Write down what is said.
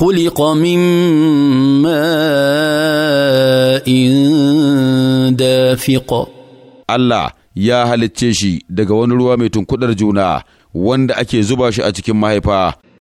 خلق من ماء دافق ya halicce shi daga wani ruwa mai tunkuɗar juna wanda ake zuba shi a cikin mahaifa